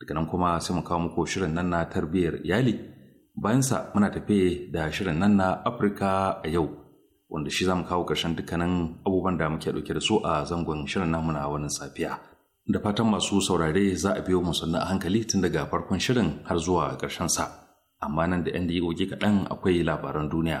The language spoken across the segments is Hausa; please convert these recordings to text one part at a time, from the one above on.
daga nan kuma sai mu kawo muku shirin nan na tarbiyyar iyali bayan sa muna tafe da shirin nan na afirka a yau wanda shi za mu kawo karshen dukkanin abubuwan da muke dauke da su a zangon shirin namu na wannan safiya da fatan masu saurare za a biyo mu sannan hankali tun daga farkon shirin har zuwa karshen sa amma nan da 'yan goge kaɗan akwai labaran duniya.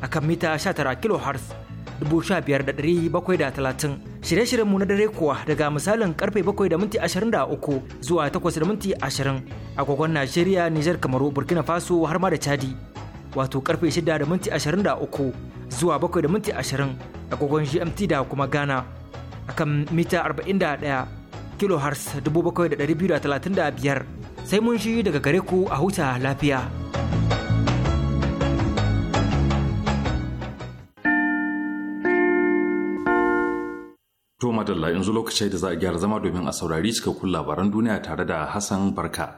akan mita 19 kilohertz 15730 shirye-shiryenmu na dare kuwa daga misalin karfe 7 da minti zuwa 8 a minti Najeriya, Nijar, Kamaru, Burkina Faso har ma da Chadi. Wato karfe 6 da minti zuwa 7 a minti GMT da kuma Ghana. Akan mita 41 kilohertz 7235 sai mun shi daga gare ku a huta lafiya. To madalla yanzu lokaci da za a gyara zama domin a saurari cikakkun labaran duniya tare da Hassan Barka.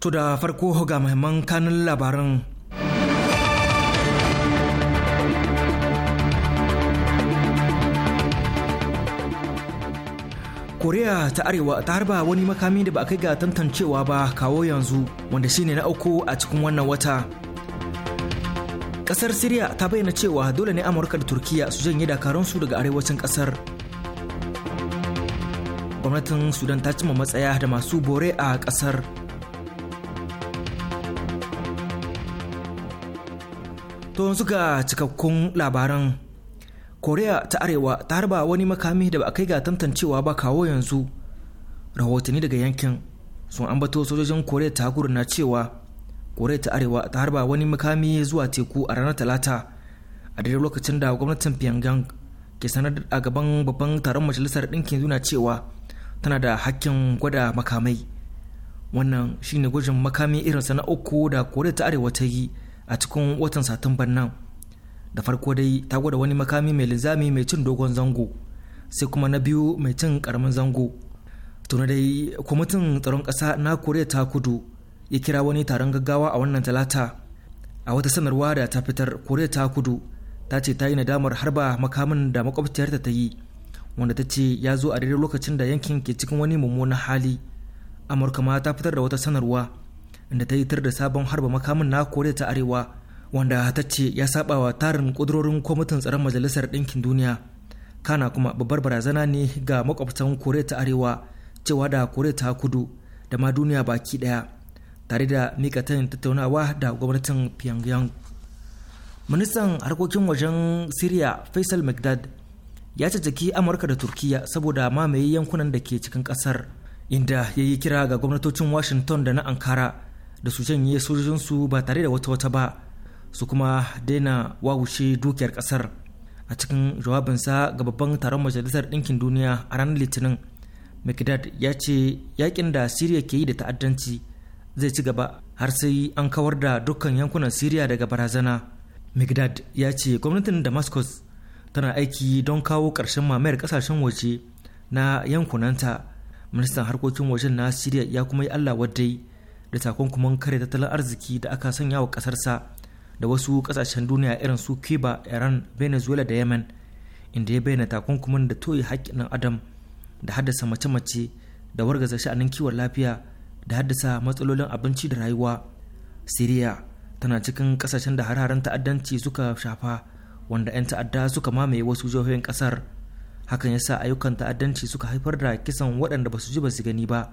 To da farko ga mahimman kanun labaran Koriya ta Arewa ta harba wani makami da ba a kai ga tantancewa ba kawo yanzu wanda shine na uku a cikin wannan wata. Kasar Siriya ta bayyana cewa dole ne Amurka da Turkiya su janye su daga arewacin kasar. Gwamnatin Sudan ta cima matsaya da masu bore a kasar. To yanzu ga cikakkun labaran koreya ta arewa ta harba wani makami da ba a kai ga tantancewa ba kawo yanzu rahotanni daga yankin sun ambato sojojin koriya ta kudu cewa korea ta arewa ta harba wani makami zuwa teku a ranar talata a daidai lokacin da gwamnatin pyongyang ke sanar a gaban babban taron majalisar ɗinkin duniya cewa tana da hakkin gwada makamai wannan shine gwajin makami irinsa na uku da koreya ta arewa ta yi a cikin watan satumban nan da farko dai ta gwada wani makami mai linzami mai cin dogon zango sai kuma na biyu mai cin karamin zango tuna dai kwamitin tsaron kasa na koriya ta kudu ya kira wani taron gaggawa a wannan talata a wata sanarwa da ta fitar koriya ta kudu ta ce ta yi nadamar harba makamin da makwabciyarta ta yi wanda ta ce ya zo a daidai lokacin da yankin ke cikin wani mummunan hali amurka ma ta fitar da wata sanarwa inda ta yi tar da sabon harba makamin na koriya ta arewa wanda ta ce ya saba wa tarin kudurorin kwamitin tsaron majalisar ɗinkin duniya kana kuma babbar barazana ne ga makwabtan koriya ta arewa cewa da koriya ta kudu da ma duniya baki ɗaya tare da mika tattaunawa da gwamnatin pyongyang ministan harkokin wajen syria faisal mcdad ya jiki amurka da turkiya saboda mamaye yankunan da ke cikin kasar inda ya yi kira ga gwamnatocin washington da na ankara da su janye sojojinsu ba tare da wata wata ba su kuma daina wawushe dukiyar kasar a cikin jawabinsa ga babban taron majalisar ɗinkin duniya a ranar litinin mcdad ya ce yakin da siriya ke yi da ta'addanci zai ci gaba har sai an kawar da dukkan yankunan siriya daga barazana mcdad ya ce gwamnatin damascus tana aiki don kawo ƙarshen mamayar ƙasashen waje na yankunanta ministan harkokin wajen na siriya ya kuma yi allah wadai da takunkuman kare tattalin arziki da aka sanya wa ƙasarsa da wasu kasashen duniya irin su cuba iran venezuela da yemen inda ya bayyana takunkumin da toye haƙƙin ɗan adam da haddasa mace-mace da wargaza sha'anin kiwon lafiya da haddasa matsalolin abinci da rayuwa siriya tana cikin kasashen da hararen ta'addanci suka shafa wanda 'yan ta'adda suka mamaye wasu jihohin kasar hakan ya sa ayyukan ta'addanci suka haifar da kisan waɗanda ba su ji ba su gani ba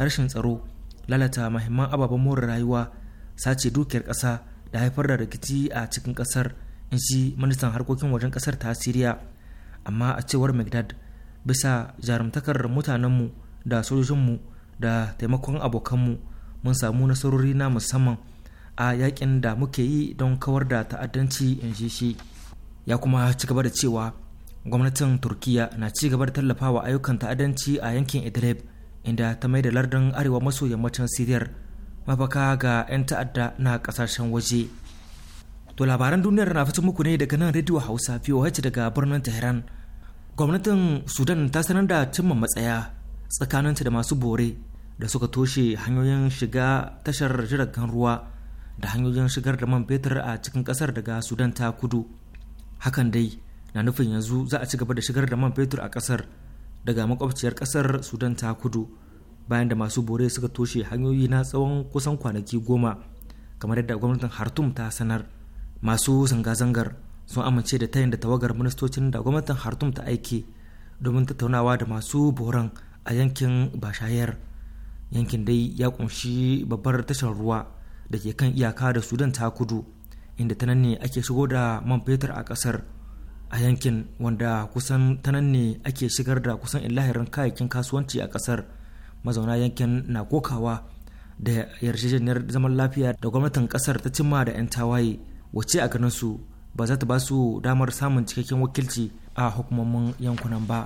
harshen tsaro lalata mahimman ababen more rayuwa sace dukiyar ƙasa da haifar da rikici a cikin kasar in shi ministan harkokin wajen kasar ta siriya amma a cewar magdad bisa jarumtakar mutanenmu da sojojinmu da taimakon abokanmu mun samu nasarori na musamman a yakin da muke yi don kawar da ta'addanci in ji shi ya kuma ci gaba da cewa gwamnatin turkiya na ci gaba da tallafawa ayyukan ta'addanci a yankin idlib inda ta mai da lardin arewa maso yammacin siriyar mafaka ga 'yan ta'adda na kasashen waje to labaran duniyar na fito muku ne daga nan rediyo hausa voh daga birnin tehran gwamnatin sudan ta sanar da cimma matsaya tsakaninta da masu bore da suka toshe hanyoyin shiga tashar jiragen ruwa da hanyoyin shigar da man fetur a cikin kasar daga sudan ta kudu hakan dai na nufin yanzu za a ci gaba da shigar da man fetur a kasar daga makwabciyar kasar sudan ta kudu bayan da masu bore suka toshe hanyoyi na tsawon kusan kwanaki goma kamar yadda gwamnatin hartum ta sanar masu zanga-zangar sun amince da tayin da tawagar ministocin da gwamnatin hartum ta aiki domin tattaunawa da masu boran a yankin bashayar yankin dai ya kunshi babbar tashar ruwa da ke kan iyaka da sudan ta kudu inda ta nan ne ake shigo da man fetur a kasar a yankin wanda kusan ta nan ne ake shigar da kusan illahirin kayayyakin kasuwanci a kasar mazauna yankin na kokawa da yarjejeniyar zaman lafiya da gwamnatin kasar ta cimma da 'yan tawaye wace a ganin su ba za ta ba su damar samun cikakken wakilci a hukumomin yankunan ba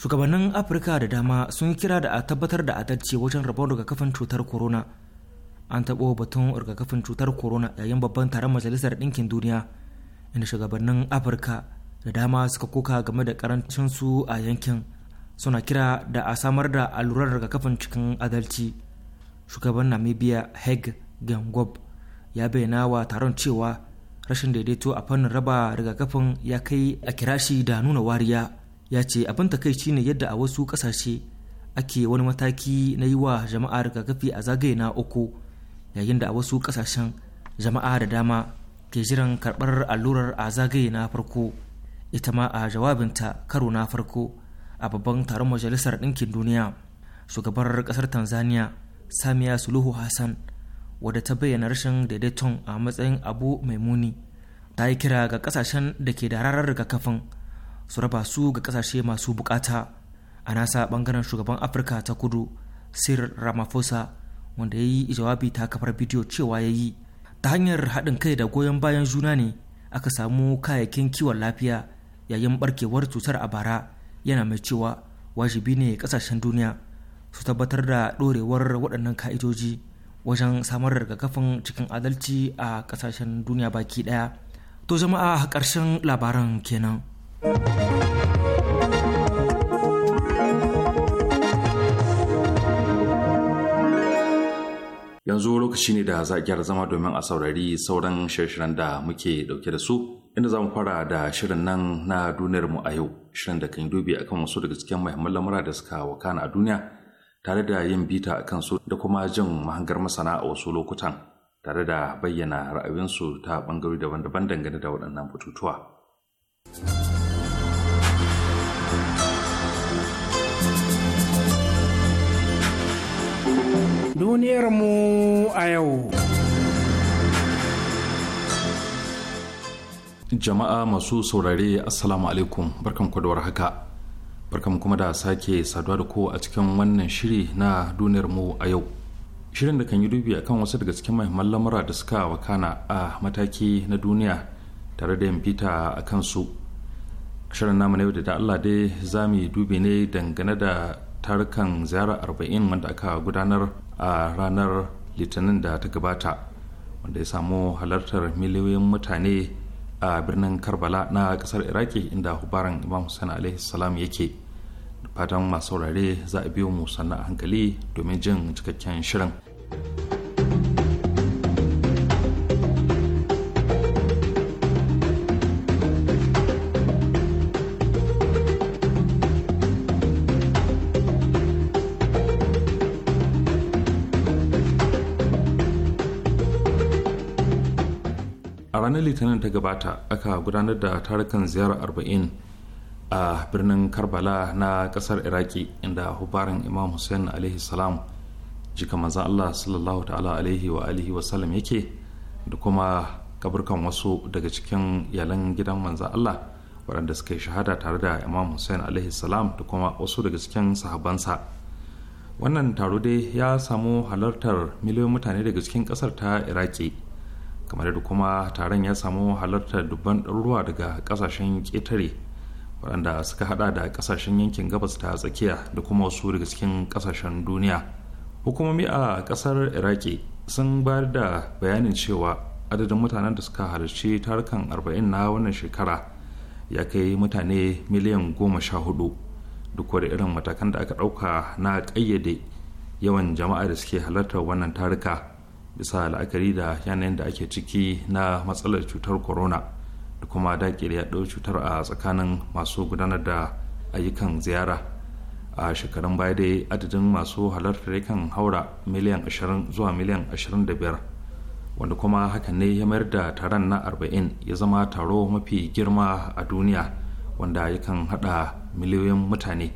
shugabannin afirka da dama sun kira da a tabbatar da adalci wajen rabon rigakafin cutar corona an taɓo batun rigakafin cutar corona yayin babban taron majalisar ɗinkin duniya inda shugabannin afirka da dama suka koka game da karancin su a yankin suna kira da a samar da allurar rigakafin cikin adalci shugaban namibia heg gengob ya bayyana wa taron cewa rashin daidaito a fannin raba rigakafin ya kai a kirashi da nuna wariya ya ce abin takaici ne yadda a wasu kasashe ake wani mataki na yi wa jama'a rigakafi a zagaye na uku yayin da a wasu kasashen jama'a da dama ke jiran karbar allurar a zagaye na farko ita ma a jawabinta karo na farko a babban taron majalisar ɗinkin duniya shugabar ƙasar tanzania samiya suluhu hassan wadda ta bayyana rashin daidaiton a matsayin abu mai muni ta yi kira ga ƙasashen da ke da rarar rigakafin su raba su ga ƙasashe masu bukata a nasa ɓangaren shugaban afirka ta kudu sir ramaphosa wanda ya yi jawabi ta kafar bidiyo cewa ya yi ta hanyar haɗin kai da goyon bayan juna ne aka samu kayayyakin kiwon lafiya yayin barkewar cutar a bara yana mai cewa wajibi ne kasashen duniya su tabbatar da ɗorewar waɗannan ka'idoji wajen samar da rigakafin cikin adalci a kasashen duniya baki ɗaya to jama'a a ƙarshen labaran kenan yanzu lokaci ne da za a gyara zama domin a saurari sauran shirye-shiryen da muke dauke da su inda za mu fara da shirin nan na duniyarmu a yau shirin da kan yi dubi akan wasu daga cikin muhimman lamura da suka wakana a duniya tare da yin bita a kansu da kuma jin mahangar masana a wasu lokutan tare da bayyana ra'ayinsu ta bangare daban-daban dangane da waɗannan batutuwa. Duniyarmu a yau. jama'a masu saurare assalamu alaikum barkan ku haka barkan kuma da sake saduwa da ku a cikin wannan shiri na duniyar mu a yau shirin da kan yi dubi akan wasu daga cikin mahimman lamura da suka wakana a mataki na duniya tare da yamfita a kansu shirin namu na yau da Allah dai za mu dubi ne dangane da tarukan ziyara arba'in wanda aka gudanar a ranar litinin da ta gabata wanda ya samu halartar miliyoyin mutane a birnin karbala na kasar iraki inda hubaran imam hussein alaihi salam yake fatan masu saurare za a biyo mu sannan a hankali domin jin cikakken shirin litinin ta gabata aka gudanar da tarukan ziyarar arba'in a birnin karbala na kasar iraki inda hubarin imam hussein alaihi salam jika manzan allah sallallahu ta'ala alaihi wa alihi salam yake da kuma kaburkan wasu daga cikin iyalan gidan manzan allah waɗanda suka yi shahada tare da imam hussein alaihi salam da kuma wasu daga cikin sahabansa wannan taro dai ya samu halartar miliyoyin mutane daga cikin ƙasar ta iraki kamar da kuma taron ya samu halartar dubban ɗaruruwa daga ƙasashen ƙetare waɗanda suka hada da ƙasashen yankin gabas ta tsakiya da kuma wasu daga cikin ƙasashen duniya hukumomi a ƙasar iraki sun bayar da bayanin cewa adadin mutanen da suka halarci tarukan arba'in na wannan shekara ya kai mutane miliyan goma sha hudu duk wani irin matakan da aka ɗauka na ƙayyade yawan jama'a da suke halartar wannan taruka bisa la'akari da yanayin da ake ciki na matsalar cutar corona da kuma daƙile yaɗo cutar a tsakanin masu gudanar da ayyukan ziyara a shekarun baya dai adadin masu halartar yakan haura miliyan 20 zuwa miliyan 25 wanda kuma hakan ne ya mayar da taron na 40 ya zama taro mafi girma a duniya wanda yakan hada miliyoyin mutane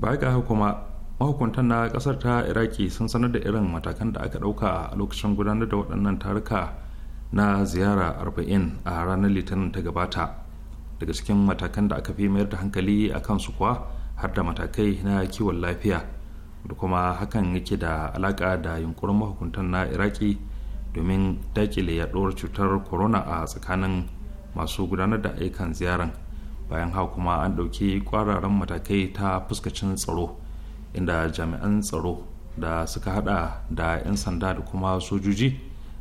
baya ga kuma mahukuntan na kasar ta iraki sun sanar da irin matakan da aka dauka a lokacin gudanar da waɗannan taruka na ziyara 40 a ranar litinin ta gabata daga cikin matakan da aka fi mayar da hankali a kansu kuwa har da matakai na kiwon lafiya da kuma hakan yake da alaka da yunkurin mahukuntan na iraki domin dakile yaɗuwar cutar corona a tsakanin masu gudanar da ayyukan ziyaran bayan haka kuma an ɗauki kwararan matakai ta fuskacin tsaro inda jami'an tsaro da suka hada da 'yan sanda da kuma sojoji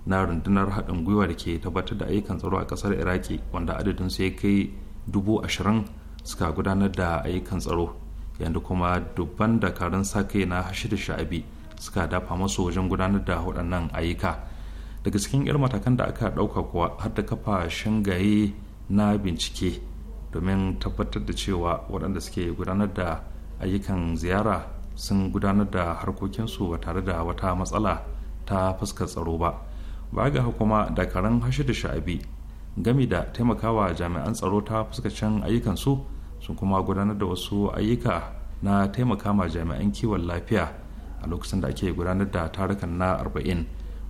na rundunar haɗin gwiwa da ke tabbatar da ayyukan tsaro a ƙasar iraki wanda adadin su ya kai dubu ashirin suka gudanar da ayyukan tsaro yadda kuma dubban dakarun sa-kai na da sha'abi suka dafa masu wajen gudanar da waɗannan ayyuka daga cikin 'yar matakan da aka ɗauka kuwa har da kafa shingaye na bincike domin tabbatar da cewa waɗanda suke gudanar da ayyukan ziyara sun gudanar da harkokinsu ba tare da wata matsala ta fuskar tsaro ba ba ga kuma dakarun hashe da sha'abi gami da taimakawa jami'an tsaro ta fuskacin ayyukansu sun kuma gudanar da wasu ayyuka na taimaka ma jami'an kiwon lafiya a lokacin da ake gudanar da tarukan na 40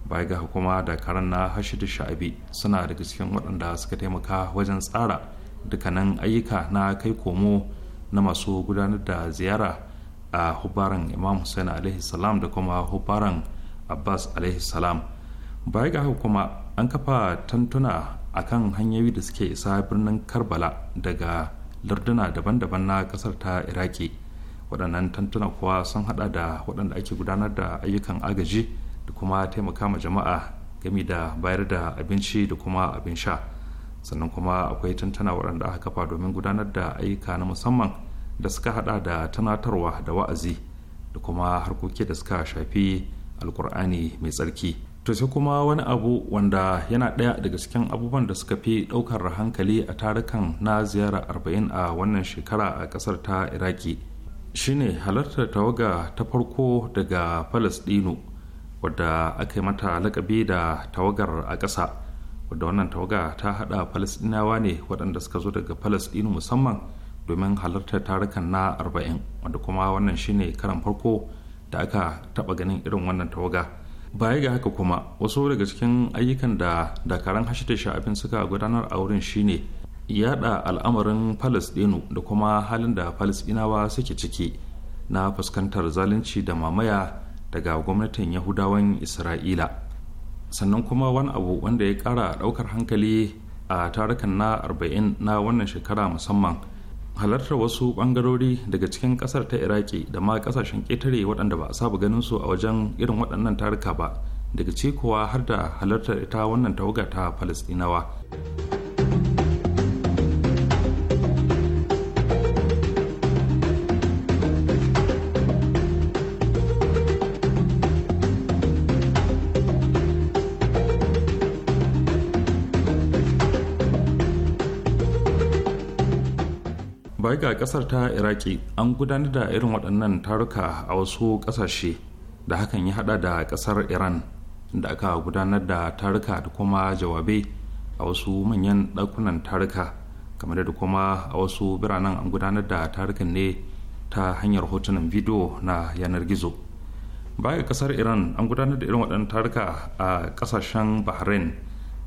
baya ga hukuma da karan na da sha'abi suna daga cikin waɗanda suka taimaka wajen tsara dukkanin ayyuka na kai komo na masu gudanar da ziyara a hubaran imam hussein alaihi salam da kuma hubaran abbas alaihi salam baya ga kuma an kafa tantuna a kan hanyoyi da suke isa birnin karbala daga larduna daban-daban na kasar ta iraki waɗannan tantuna kuwa sun hada da waɗanda ake gudanar da ayyukan agaji da kuma taimaka ma jama'a gami da bayar da abinci da kuma abin sha sannan kuma akwai tantana waɗanda aka kafa domin gudanar da ayyuka na musamman da suka hada da tunatarwa da wa'azi da kuma harkoki da suka shafi alkur'ani mai tsarki to sai kuma wani abu wanda yana ɗaya daga cikin abubuwan da suka fi ɗaukar hankali a tarukan na ziyara arba'in a wannan shekara a ƙasar ta iraki shine halartar tawaga ta farko daga palestino wadda aka yi mata lakabi da tawagar a ƙasa wadda wannan tawaga ta haɗa palestinawa ne waɗanda suka zo daga palestino musamman domin halartar tarukan na arba'in wanda kuma wannan shine karan farko da aka taba ganin irin wannan tawaga baya ga haka kuma wasu daga cikin ayyukan da dakaran hashita sha'afin suka gudanar a wurin shine yada al'amarin palestino da kuma halin da palestinawa suke ciki na fuskantar zalunci da mamaya daga gwamnatin yahudawan isra'ila sannan kuma wani abu wanda ya kara daukar hankali a tarukan na arba'in na wannan shekara musamman halartar wasu bangarori daga cikin kasar ta iraki da ma kasashen ƙetare waɗanda ba a saba ganin su a wajen irin waɗannan taruka ba daga cikowa har da halartar ita wannan tawaga ta falasɗinawa wai ga kasar ta iraki an gudanar da irin waɗannan taruka a wasu ƙasashe da hakan ya haɗa da ƙasar iran da aka gudanar da taruka da kuma jawabe a wasu manyan ɗakunan taruka kamar da kuma a wasu biranen an gudanar da tarukan ne ta hanyar hotunan bidiyo na yanar gizo baya kasar iran an gudanar da irin waɗannan taruka a ƙasashen bahrain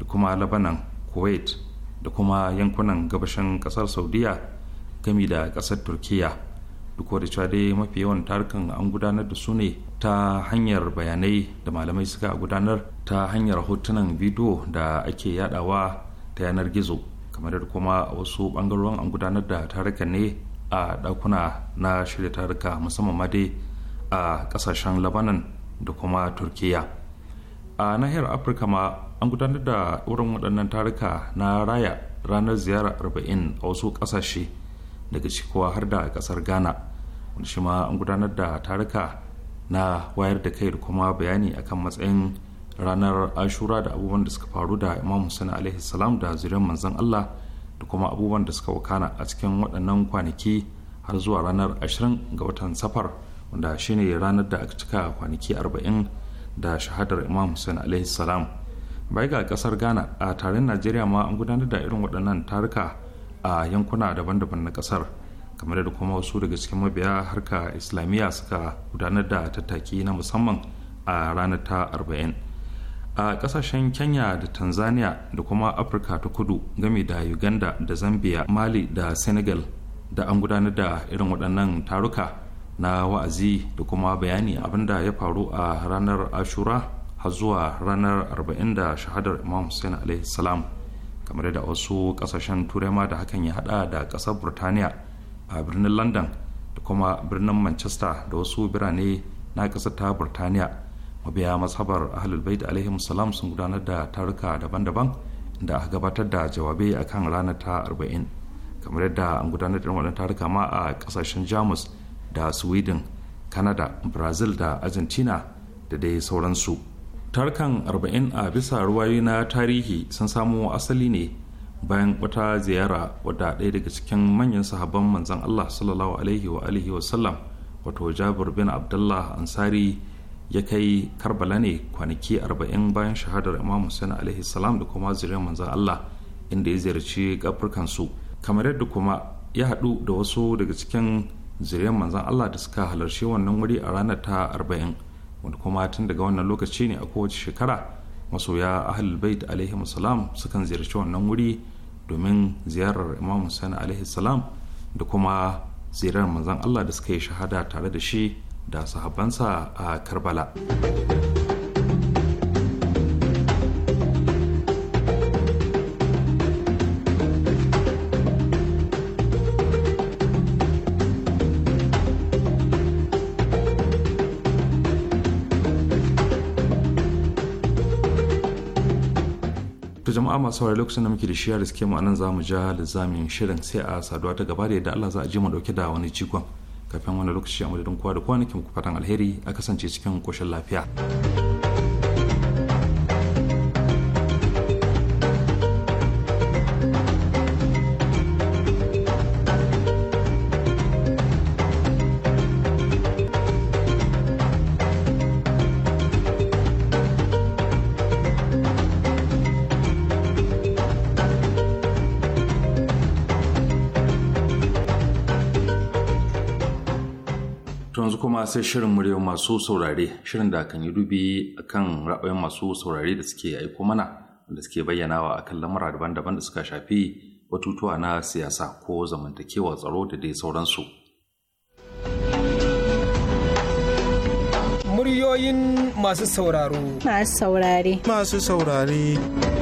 da kuma labanan kuwait da kuma yankunan gabashin ƙasar saudiya gami da ƙasar turkiya duk da cewa dai mafi yawan tarukan an gudanar da su ne ta hanyar bayanai da malamai suka gudanar ta hanyar hotunan bidiyo da ake yadawa ta yanar gizo kamar da kuma wasu bangarorin an gudanar da tarukan ne a dakuna na shirya taruka musamman ma dai a kasashen labanan da kuma turkiya a nahiyar afirka ma an gudanar da wurin waɗannan taruka na raya ranar ziyara 40 a wasu ƙasashe daga cikowa har da a kasar ghana wani shi ma an gudanar da taruka na wayar da kai da kuma bayani akan matsayin ranar ashura da abubuwan da suka faru da imam hussein alaihi salam da zuriyar manzon allah da kuma abubuwan da suka wakana a cikin waɗannan kwanaki har zuwa ranar ashirin ga watan safar wanda shine ranar da aka cika kwanaki arba'in da shahadar imam hussein alaihi salam bai ga kasar ghana a taron najeriya ma an gudanar da irin waɗannan taruka a yankuna daban-daban na kasar kamar da kuma wasu daga cikin mabiya harka islamiyya suka gudanar da tattaki na musamman a ranar ta arba'in, a kasashen kenya da tanzania da kuma afirka ta kudu game da uganda da zambia mali da senegal da an gudanar da irin waɗannan taruka na wa'azi da kuma bayani abinda ya faru a ranar ashura har zuwa ranar arba'in da shahadar imam hussein alaihi salam kamar da wasu kasashen turai ma da hakan ya hada da kasar burtaniya a birnin london da kuma birnin manchester da wasu birane na kasar ta burtaniya mabiya mazhabar ahlul bait alaihim salam sun gudanar da taruka daban-daban da aka gabatar da jawabai akan ranar ta arba'in kamar yadda an gudanar da wannan taruka ma a kasashen jamus da sweden kanada brazil da argentina da dai sauransu tarkan arba'in a bisa ruwayi na tarihi sun samo asali ne bayan wata ziyara wadda ɗaya daga cikin manyan sahabban manzan Allah sallallahu alaihi wa alihi wa sallam wato Jabir bin Abdullah Ansari ya kai Karbala ne kwanaki arba'in bayan shahadar Imam Hussein alaihi salam da kuma zuriyar manzan Allah inda ya ziyarci kafurkan su kamar yadda kuma ya haɗu da wasu daga cikin zuriyar manzan Allah da suka halarci wannan wuri a ranar ta arba'in. wanda kuma tun daga wannan lokaci ne a kowace shekara masoya ahlul bait alaihi salam sukan ziyarci wannan wuri domin ziyarar imam hussein alaihi salam da kuma ziyarar manzon allah da suka yi shahada tare da shi da sahabbansa a karbala masu saurari lokacin da muke da shiyar riske mu anan zamu ja lizamin shirin sai a saduwa ta gaba da yadda Allah za a ji mu dauke da wani cikon kafin wani lokaci a madadin kowa da kowa nake muku fatan alheri a kasance cikin koshin lafiya. sai shirin murya masu saurare shirin da kan yi dubi kan ra'ayoyin masu saurare da suke aiko mana da suke bayyanawa akan lamura daban-daban da suka shafi batutuwa na siyasa ko zamantakewa tsaro da dai sauransu. Muryoyin masu sauraro. Masu saurare. Masu saurare.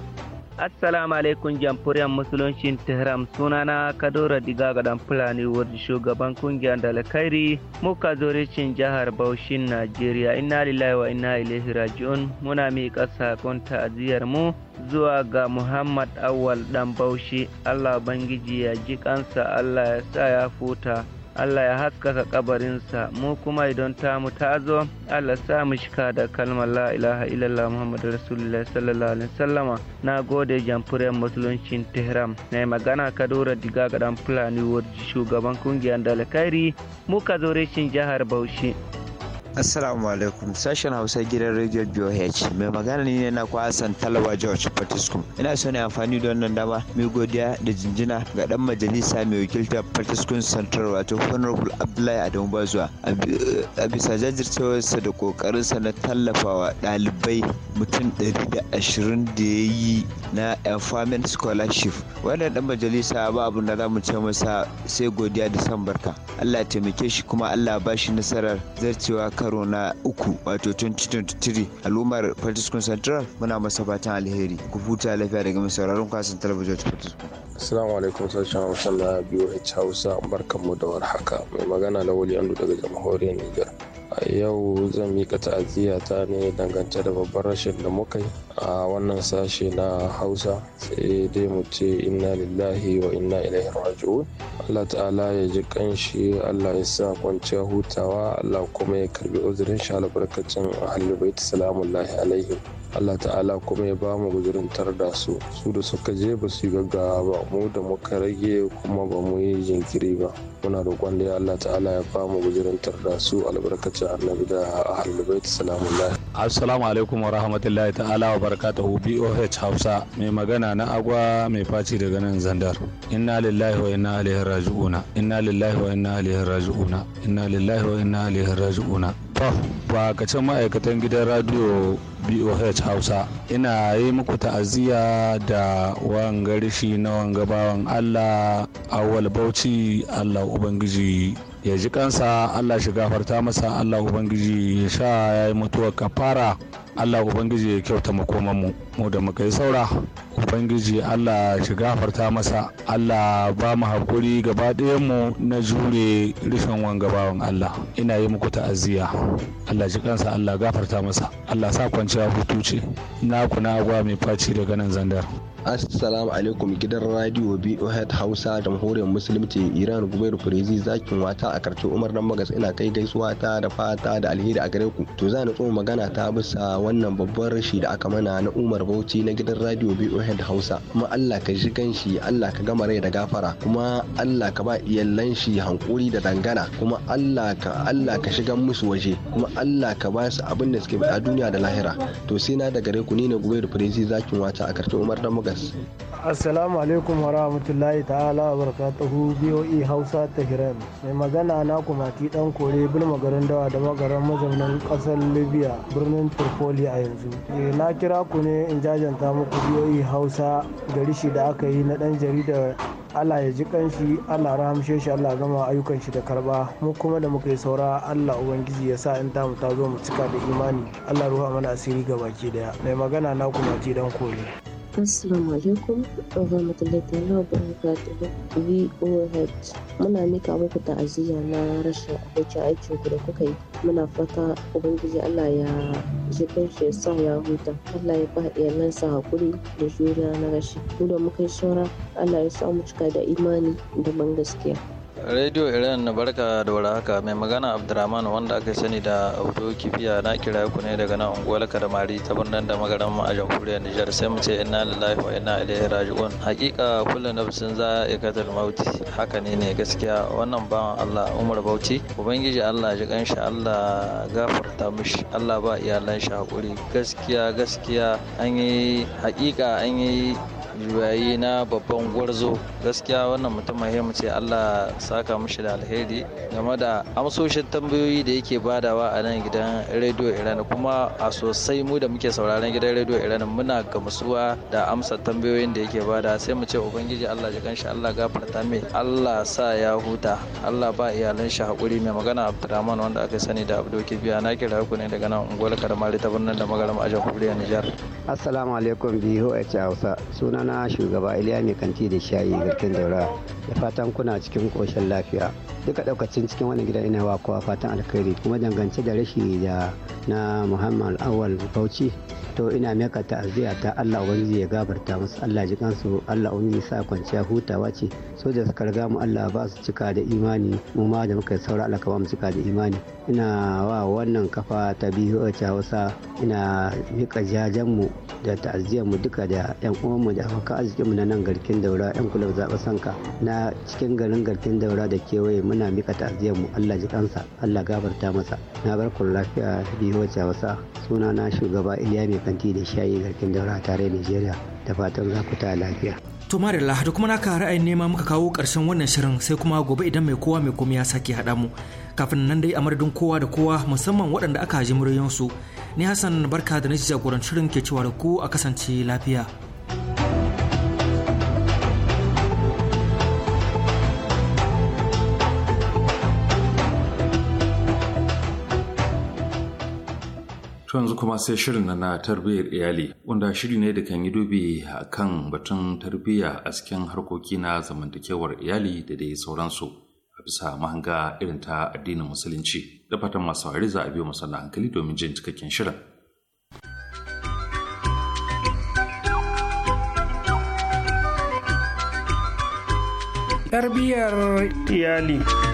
Assalamu alaikum jamhuriyar musuluncin Tehran sunana Kadora Diga ga dan Fulani wadda shugaban kungiyar Dalakairi muka zore cin jihar Baushin Najeriya inna lillahi wa inna ilaihi raji'un muna miƙa sakon ta'aziyar mu zuwa ga Muhammad Awal dan Baushi Allah bangiji ya ji kansa Allah ya sa ya futa Allah ya haskaka kabarinsa mu kuma idan ta ta zo Allah sa mu shika da kalmar la ilaha illallah Muhammadu Rasulullah sallallahu alaihi wasallam na gode jamfuriyar musuluncin Tehran na magana Kadura Diga dan Fulani shugaban kungiyar Dalakari mu ka zo reshin jihar Bauchi. Assalamu alaikum sashen Hausa gidan Radio BOH mai magana ne na kwa Hassan Talawa George Patiskum. Ina so ne amfani da wannan dama mai godiya da jinjina ga dan majalisa mai wakilta Patiskum Central wato Honorable Abdullahi Adamu Bazuwa a bisa jajircewarsa da kokarinsa na tallafawa dalibai mutum 120 da ya yi na Empowerment Scholarship. Wannan dan majalisa ba abun da zamu mu ce masa sai godiya da san barka. Allah taimake shi kuma Allah ba shi nasarar zartewa karo na uku wato 2023 al'ummar Fatiskun Central muna masa fatan alheri ku huta lafiya daga mai sauraron kwasan talabijin Fatiskun. Assalamu alaikum sashen Hausa na biyu a Hausa barkanmu da warhaka mai magana na wuli Andu daga jamhuriyar Nijar. a yau zan mika ta'aziyya ta ne dangance da babban rashin da muka yi a wannan sashe na hausa sai dai mu ce inna lillahi wa inna ilaihi raji'un Allah ta'ala ya ji kanshi Allah ya sa kwanciya hutawa Allah kuma ya karbi uzurin shi albarkacin ahlul bait salamullahi alaihim Allah ta'ala kuma ya bamu mu tar da su su da suka je ba su yi gaggawa ba mu da muka rage kuma ba mu yi jinkiri ba muna roƙon da Allah ta'ala ya famu gujirantar da su albarkacin annabi da ta salamu salamullahi assalamu alaikum wa rahmatullahi ta'ala wa barakatuhu BOH Hausa mai magana na agwa mai faci daga nan Zandar inna lillahi wa inna ilaihi raji'una inna lillahi wa inna ilaihi raji'una inna lillahi wa inna ilaihi raji'una ba ka ma'aikatan gidan radio BOH Hausa. Ina yi muku ta'aziyya da wangarishi na wangabawan Allah awal bauchi Allah ubangiji ya ji kansa allah shi gafarta masa allah ubangiji ya sha ya yi mutuwar kafara Allah Ubangiji ya kyauta makoman mu mu da muka yi saura Ubangiji Allah shi gafarta masa Allah ba mu haƙuri gaba mu na jure rufin wanga bawan Allah ina yi muku ta'aziyya Allah ji kansa Allah gafarta masa Allah sa kwanciya hutu ce na agwa mai faci daga nan zandar Assalamu alaikum gidan radio BOHead Hausa jamhuriyar Musulunci Iran Gumairu Firizi zakin wata a karshe Umar dan Magas ina kai gaisuwa ta da fata da alheri a gare ku to za ni magana ta bisa wannan babban rashi da aka mana na Umar Bauchi na gidan radio BOHead Hausa kuma Allah ka ji shi Allah ka gama rai da gafara kuma Allah ka ba iyallan shi hankuri da dangana kuma Allah ka Allah ka shiga musu waje kuma Allah ka ba su abin da suke a duniya da lahira to sai na da gare ku ni gobe da Firezi zakin wata a karshen Umar Damagas. assalamu alaikum wa rahmatullahi ta'ala wa barakatuhu boe hausa hiram mai magana na kumati dan kore bilma garin dawa da magaran mazaunin kasar libya birnin tripoli a yanzu eh, na kira ku ne in jajanta muku boe hausa gari shi da aka yi na dan jarida Allah ya ji kanshi Allah rahamshe shi Allah gama ayyukan shi da karba mu kuma da muka saura Allah ubangiji ya sa in ta mu ta zo mu cika da imani Allah ruha mana asiri ga baki daya mai magana na kuma dan kore Assalamu alaikum wa rahmatullahi ta'ala wa barakatuhu VOH muna mika muku ta'aziyya na rashin abokin aikin ku da kuka yi muna fata ubangiji Allah ya ji kanshi ya sa ya huta Allah ya ba iyalansa hakuri da juriya na rashi mu da muka yi saura Allah ya sa mu cika da imani da ban gaskiya Radio Iran na barka da warhaka mai magana abdulrahman wanda aka sani da Abdo Kibiya na kira ku ne daga nan unguwar Kadamari ta birnin da magaran a jamhuriyar Nijar sai mu ce inna lillahi wa inna ilaihi raji'un. Hakika kullu nafsin za ya mauti haka ne ne gaskiya wannan bawan Allah Umar Bauchi ubangiji Allah ji shi Allah gafarta mishi Allah ba iyalan shi hakuri gaskiya gaskiya an yi hakika an yi juyayi na babban gwarzo gaskiya wannan mutum mu ce allah saka mushi da alheri game da amsoshin tambayoyi da yake badawa a nan gidan rediyo iran kuma a sosai mu da muke sauraron gidan rediyo iran muna gamsuwa da amsa tambayoyin da yake bada sai mu ce ubangiji allah ji kanshi allah gafarta mai allah sa ya huta allah ba iyalan shi hakuri mai magana abdurrahman wanda aka sani da abdul kibiya na kira ku ne daga nan unguwar karmali ta birnin da magaram a jamhuriyar nijar assalamu alaikum biyu a hausa sunana sunana shugaba iliya mai kanti da shayi garkin daura da fatan kuna cikin koshin lafiya duka daukacin cikin wani gidan ina wa kowa fatan alkhairi kuma dangance da rashi da na muhammad awal bauchi to ina maka ta'aziyya ta Allah ubangiji ya gabarta musu Allah ji kansu Allah ubangiji sa kwanciya hutawa ce soja su karga mu Allah ba su cika da imani mu ma da muka saura Allah mu cika da imani ina wa wannan kafa ta biyu a Hausa ina mika jajen mu da ta'aziyyar mu duka da yan uwan mu da abokan mu na nan garkin daura yan kulab zaɓa sanka na cikin garin garkin daura da kewaye muna mika ta'aziyar mu allah ji kansa allah gafarta masa na bar lafiya biyu wacce wasa suna na shugaba iliya mai kanti da shayi garkin daura tare nigeria da fatan za ku ta lafiya To Marilla da kuma naka ra'ayin nema muka kawo karshen wannan shirin sai kuma gobe idan mai kowa mai komai ya sake haɗa mu. Kafin nan dai a madadin kowa da kowa musamman waɗanda aka ji su Ni Hassan barka da na jagorancin shirin ke cewa da ku a kasance lafiya. To yanzu kuma sai shirin na tarbiyyar iyali wanda shiri ne da kan yi dubi a kan batun tarbiyya a cikin harkoki na zamantakewar iyali da dai sauransu a bisa mahanga irin ta addinin musulunci da fatan masu saurari za a biyo masana hankali domin jin cikakken shirin. Tarbiyyar iyali.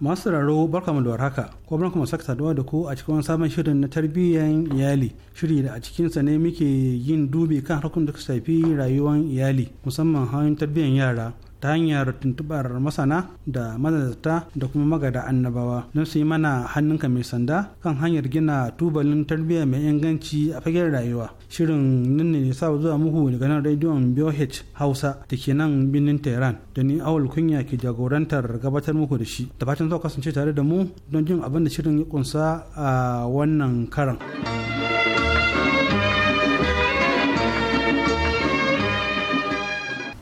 masu raro barkamu da warhaka ko barkamu saka saduwa da ku a cikin wani sabon shirin na tarbiyyar iyali shiri da a cikinsa ne muke yin dubi kan harkokin da suka shafi rayuwar iyali musamman hanyoyin tarbiyyar yara ta hanyar tuntubar masana da manazarta da kuma magada annabawa don su yi mana hannunka mai sanda kan hanyar gina tubalin tarbiyya mai inganci a fagen rayuwa shirin nan ne sa zuwa muku daga nan rediyon BOH Hausa da ke nan birnin Tehran da ni awal kunya ke jagorantar gabatar muku da shi da fatan zuwa kasance tare da mu don jin abin da shirin ya kunsa a wannan karan.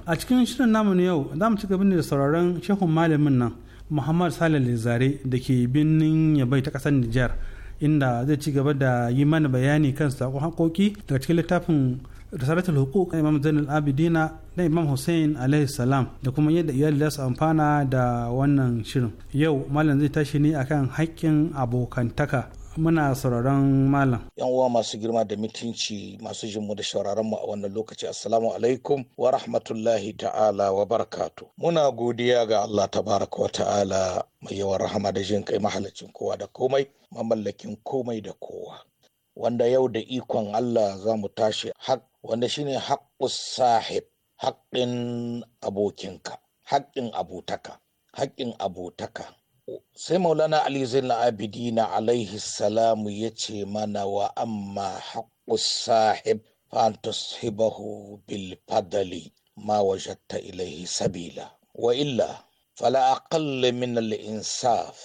a cikin shirin namu na yau za mu ci gaba da sauraron shehun malamin nan muhammad salih lizare da ke birnin yabai ta kasar nijar inda zai ci gaba da yi mana bayani kan sakon hakoki daga cikin littafin risalatul hukuk na imam zainul abidina na imam hussein alaihi salam da kuma yadda iyali za su amfana da wannan shirin yau malam zai tashi ne akan haƙƙin abokantaka muna sauraron malam. Yan uwa masu girma da mutunci masu jinmu da shauraron mu a wannan lokaci assalamu alaikum wa rahmatullahi ta'ala wa barakatu. Muna godiya ga Allah tabaraka wa ta'ala mai yawan rahama da jin kai mahalicin kowa da komai mamallakin komai da kowa. Wanda yau da ikon Allah za mu tashi haƙ wanda shine haƙƙus sahib haƙƙin abokinka haƙƙin abotaka haƙƙin abotaka sai maulana ali zain abidina alaihi salamu ya ce mana wa amma haƙƙus sahib hibahu bil fadali ma wajatta ilaihi sabila wa illa fala aƙalla min al insaf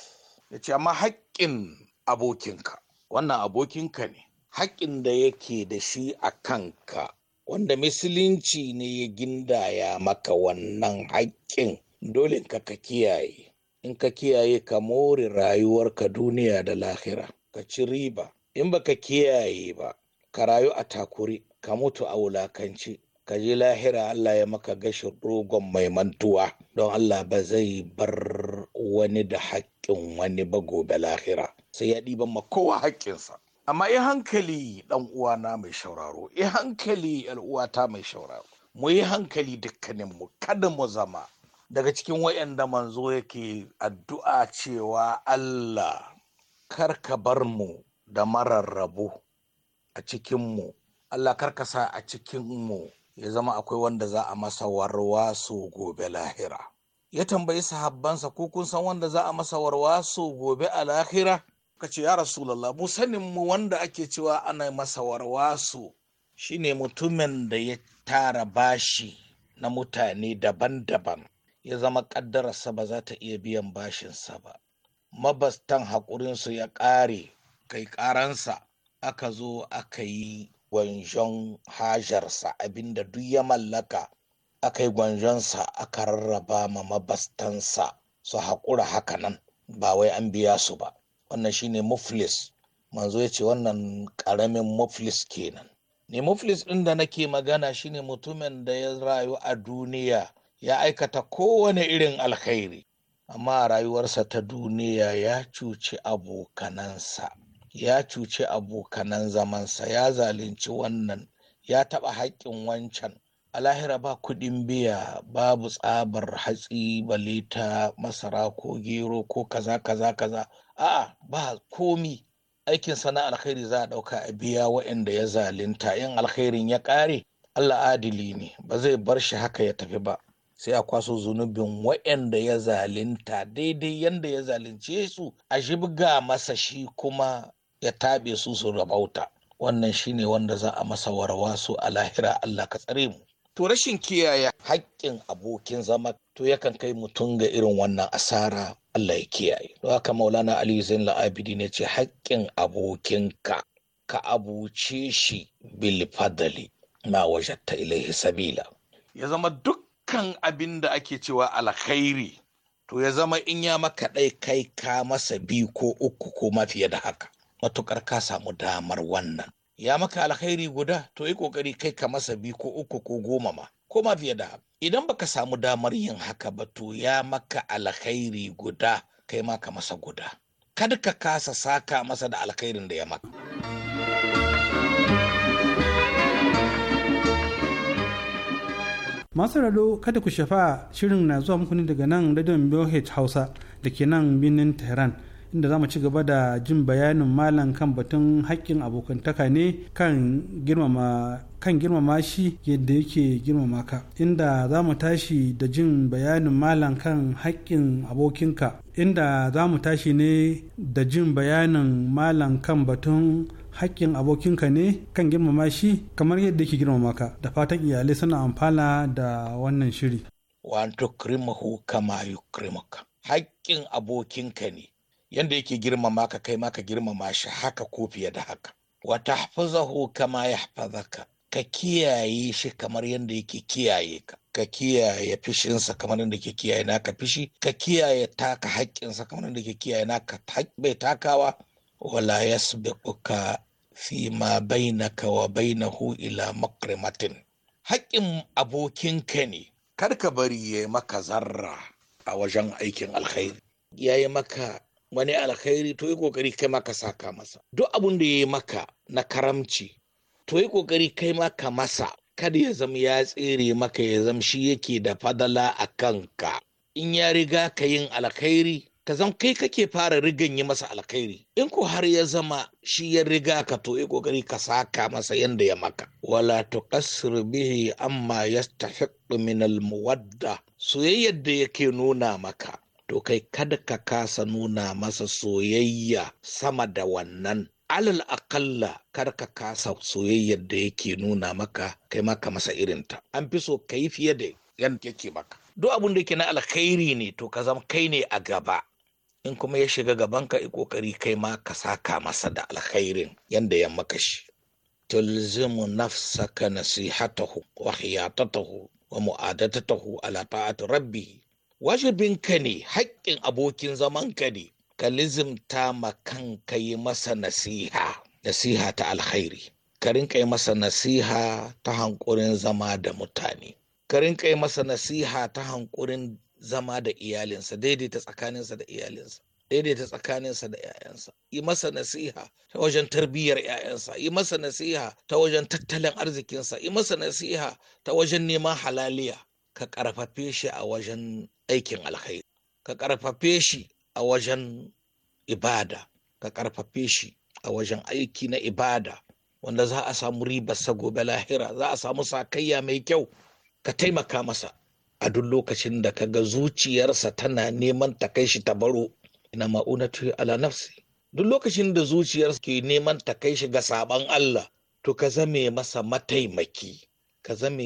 ce, amma haƙƙin abokinka wannan abokinka ne haƙƙin da yake da shi a kanka wanda musulunci ne ya gindaya maka wannan haƙƙin dole ka kiyaye in ka kiyaye ka more rayuwarka duniya da lahira ka ci riba in baka kiyaye ba ka rayu a takuri ka mutu a wulakanci ka ji lahira Allah ya maka gashin rogon mai mantuwa don Allah ba zai bar wani da haƙƙin wani ba gobe lahira sai ya ɗiban ma kowa haƙƙinsa amma yi hankali ɗan uwana mai shauraro yi hankali uwata mai shauraro mu yi hankali dukkaninmu kada mu zama daga cikin waɗanda manzo yake addu'a cewa Allah kar ka bar mu da marar rabo a cikinmu Allah karka sa a cikinmu ya zama akwai wanda za a masa warwaso gobe lahira ya tambayi sahabbansa ko kun san wanda za a masa warwaso gobe a lahira ka ce ya rasulallah mu sanin mu wanda ake cewa ana masa warwaso shine mutumin da ya tara bashi na mutane daban-daban ya zama ƙaddararsa ba za ta iya biyan bashinsa ba mabastan haƙurinsu ya ƙare kai ƙaransa aka zo aka yi gwanjon hajarsa abinda duk ya mallaka aka yi gwanjonsa aka rarraba ma mabastansa su haƙura haka nan ba wai an biya su ba wannan shine muflis manzo ya ce wannan ƙaramin muflis kenan ne muflis ɗin da nake magana shine mutumin da ya rayu a duniya ya aikata kowane irin alkhairi amma rayuwarsa ta duniya ya cuci abokanansa ya cuci abokanan zamansa ya zalunci wannan ya taɓa haƙƙin wancan a lahira ba kuɗin biya babu tsabar hatsi balita masara ko gero ko kaza kaza kaza a'a ba komi aikin sana alkhairi za a ɗauka a biya waɗanda ya zalunta in alkhairin ya ƙare allah adili ne ba zai bar shi haka ya tafi ba sai a kwaso zunubin wa'yanda ya zalinta daidai yanda ya zalunce su a shibga masa shi kuma ya taɓe su su rabauta wannan shi ne wanda za a masa warwa su a lahira Allah ka tsare mu to rashin kiyaye haƙƙin abokin zama to yakan kai mutum ga irin wannan asara Allah ya kiyaye don haka Maulana Ali Zain La'abidi ne ce haƙƙin abokinka ka abuce shi bil fadali ma wajatta ilaihi sabila ya zama duk dukkan abin da ake cewa alkhairi to ya zama in ya maka ɗai kai ka masa biyu ko uku ko ma fiye da haka Matukar ka samu damar wannan ya maka alkhairi guda to yi ƙoƙari kai ka masa biyu ko uku ko goma ma ko ma fiye da haka idan baka samu damar yin haka ba to ya maka alkhairi guda kai ma ka masa guda kada ka kasa saka masa da alkhairin da ya maka. masu rado kada ku shafa shirin na zuwa muku ne daga nan radion BOH Hausa da ke nan birnin Tehran inda za mu ci gaba da jin bayanin malam kan batun haƙƙin abokantaka ne kan girmama kan girmama shi yadda yake girmama ka inda za mu tashi da jin bayanin malam kan haƙƙin abokinka inda za mu tashi ne da jin bayanin malam kan batun hakkin abokinka ne kan girmama shi kamar yadda yake girmama ka da fatan iyalai suna amfana da wannan shiri. Wanto krimahu kama yukrimuka. Hakkin abokinka ne yadda yake girmama ka kai maka girmama shi haka ko fiye da haka. wata tahfazahu kama hafazaka. Ka kiyaye shi kamar yadda yake kiyaye ka. ka kiyaye fishinsa kamar yadda ke kiyaye naka fishi ka kiyaye taka haƙƙinsa kamar yadda ke kiyaye naka bai takawa wala yasbiquka fi ma bainaka wa bainahu ila makrimatin haƙƙin abokinka ne kar ka bari ya yi maka zarra a wajen aikin alkhairi ya yi maka wani alkhairi to yi kokari kai maka saka masa duk abin da ya yi maka na karamci to yi kokari kai maka masa kada ya zama ya tsere maka ya zama shi yake da fadala a kanka in ya riga ka yin alkhairi ka zan kai kake fara rigan yi masa alkhairi in ko har ya zama shi ya riga ka to yi kokari ka saka masa yanda ya maka wala to kasr bihi amma yastahiq min almuwadda soyayyar da yake nuna maka to kai kada ka kasa nuna masa soyayya sama da wannan alal akalla kar ka kasa soyayyar da yake nuna maka kai maka masa irinta an fi so kai fiye da yanda yake maka duk abin da yake na alkhairi ne to ka zama kai ne a gaba in kuma ya shiga gaban ka kokari kai ma ka saka masa da alkhairin yanda ya maka shi tulzimu nafsaka nasihatahu wa khiyatatahu wa mu'adatatahu ala ta'ati rabbi wajibinka ne haƙƙin abokin zamanka ne ka lizimta ma kanka yi masa nasiha nasiha ta alkhairi ka rinka masa nasiha ta hankurin zama da mutane ka rinka masa nasiha ta hankurin zama da iyalinsa daidaita tsakaninsa da iyalinsa daidaita tsakaninsa da 'ya'yansa yi masa nasiha ta wajen tarbiyyar 'ya'yansa yi masa nasiha ta wajen tattalin arzikinsa yi masa nasiha ta wajen neman halaliya ka karfafe shi a wajen aikin alkhairi ka karfafe shi a wajen ibada ka karfafe shi a wajen aiki na ibada wanda za a samu ribarsa gobe lahira za a samu sakayya mai kyau ka taimaka masa a duk lokacin da ka ga zuciyarsa tana neman ta kai shi ta baro ina ma'unatu ala nafsi duk lokacin da zuciyarsa ke neman ta kai shi ga sabon Allah to ka zame masa mataimaki ka zame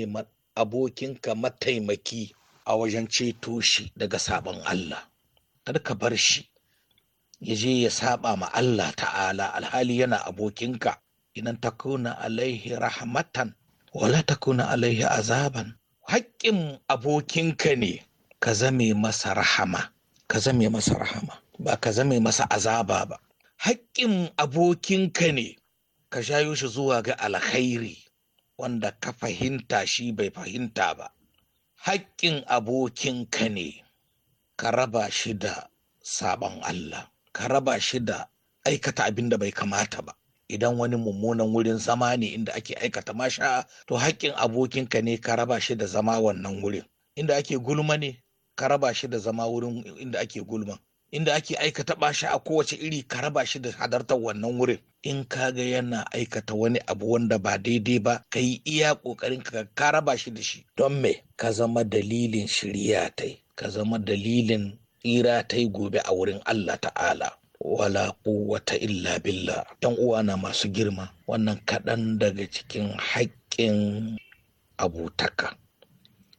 abokinka mataimaki a wajen ceto shi daga saban Allah Kar ka bar shi ya je ya saba ma Allah ta'ala alhali yana abokinka inan takuna alaihi rahmatan wala takuna alaihi azaban haƙƙin abokinka ne ka zame masa rahama ka zame masa rahama ba ka zame masa azaba ba haƙƙin abokinka ne ka shayo shi zuwa ga alkhairi wanda ka fahimta shi bai fahimta ba haƙƙin abokinka ne ka raba shi da sabon Allah ka raba shi da aikata abin da bai kamata ba idan wani mummunan wurin zama ne inda ake aikata masha to haƙƙin abokinka ne ka raba shi da zama wannan wurin inda ake gulma ne ka raba shi da zama wurin inda ake gulma inda ake aikata bashi a kowace iri ka raba shi da hadartar wannan wurin in ka ga yana aikata wani abu wanda ba daidai ba ka yi iya ƙoƙarin ka ka raba shi da shi don me ka zama dalilin shirya tai ka zama dalilin tsira tai gobe a wurin Allah ta'ala wala quwwata illa billah yan na masu girma wannan kaɗan daga cikin haƙƙin abutaka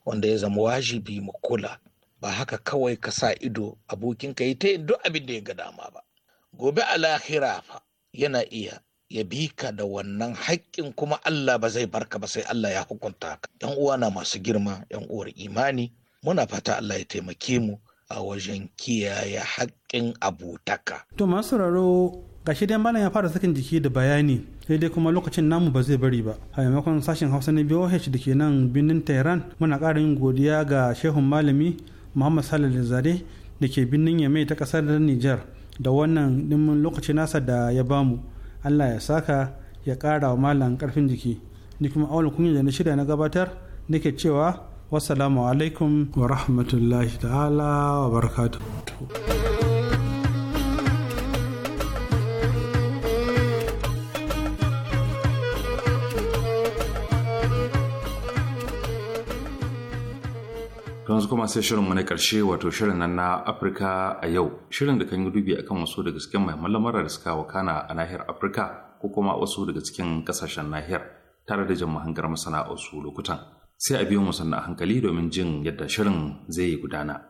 wanda ya zama wajibi mu kula ba haka kawai ka sa ido abokinka yi ta duk abin da ya ga dama ba gobe a fa yana iya ya bi ka da wannan haƙƙin kuma Allah ba zai barka ba sai Allah ya hukunta ka yan uwana masu girma yan uwar imani muna fata Allah ya taimake mu a wajen kiyaye haƙƙin abotaka. To masu sauraro gashi dai malam ya fara sakin jiki da bayani sai dai kuma lokacin namu ba zai bari ba a maimakon sashen hausa na boh da ke nan birnin tehran muna ƙara yin godiya ga shehun malami muhammad salih zare da ke birnin yamai ta ƙasar nijar da wannan dimin lokaci nasa da ya bamu allah ya saka ya ƙara wa malam ƙarfin jiki ni kuma awal kunya da na shirya na gabatar nake cewa wasalamu alaikum wa rahmatullahi ta'ala wa barakatu yanzu kuma sai shirin na karshe wato shirin nan na afirka a yau shirin da kan yi dubi akan wasu daga cikin mahimman lamarar da suka wakana a nahiyar afirka ko kuma wasu daga cikin kasashen nahiyar tare da jan mahangar wasu lokutan sai a biyo mu sannan hankali domin jin yadda shirin zai yi gudana.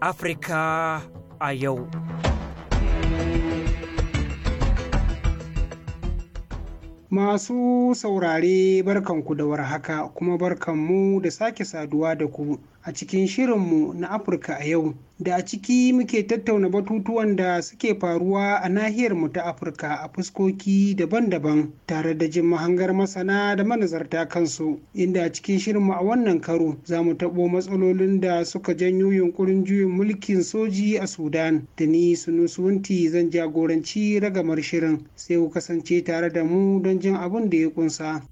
Afirka a yau. Masu saurare barkanku da warhaka kuma barkanmu da sake saduwa da ku a cikin shirinmu na Afirka a yau. Da a ciki muke tattauna batutuwan da suke faruwa a nahiyar mu ta Afirka a fuskoki daban-daban tare da jin mahangar masana da manazarta kansu. Inda a cikin shirinmu a wannan karo za mu taɓo matsalolin da suka janyo yunkurin juyin mulkin soji a Sudan. Da ni Sunusunti zan jagoranci ragamar shirin sai ku kasance tare da mu don jin abin da ya kunsa.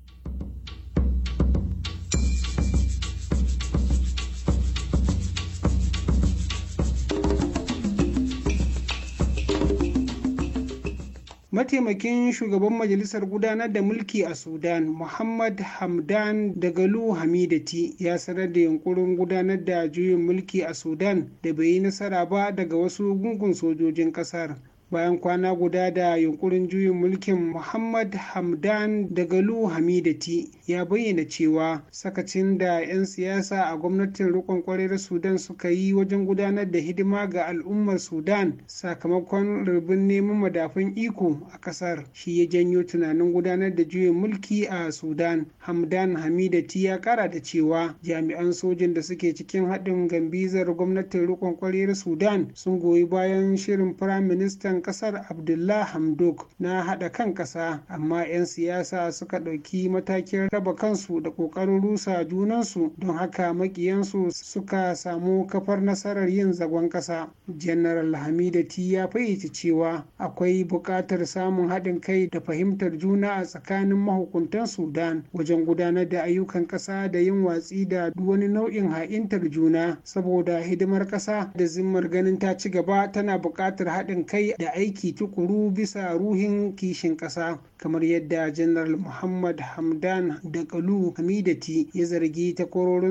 mataimakin shugaban majalisar gudanar da mulki a sudan muhammad hamdan dagalu hamidati ya sanar da yunkurin gudanar da juyin mulki a sudan da bai yi nasara ba daga wasu gungun sojojin kasar bayan kwana guda da yunkurin juyin mulkin muhammad hamdan dagalu hamidati ya bayyana cewa sakacin da 'yan siyasa a gwamnatin rikon kwarar sudan suka yi wajen gudanar da hidima ga al'ummar sudan sakamakon rubin neman madafun iko a kasar shi ya janyo tunanin gudanar da juyin mulki a sudan hamdan hamidati ya kara da cewa jami'an sojin da suke cikin haɗin gambizar gwamnatin rikon kwarar sudan sun goyi bayan shirin firaministan kasar abdullah hamdok na haɗa kan ƙasa amma 'yan siyasa suka ɗauki matakin raba kansu da ƙoƙarin rusa junansu don haka makiyansu suka samu kafar nasarar yin zagon ƙasa general hamidati ya fayyace cewa akwai buƙatar samun haɗin kai da fahimtar juna a tsakanin mahukuntan sudan wajen gudanar da ayyukan ƙasa da yin watsi da wani nau'in ha'intar juna saboda hidimar ƙasa da zimmar ganin ta ci gaba tana buƙatar haɗin kai da aiki tukuru bisa ruhin kishin ƙasa kamar yadda general muhammad hamdan da kalu hamidati ya zargi ta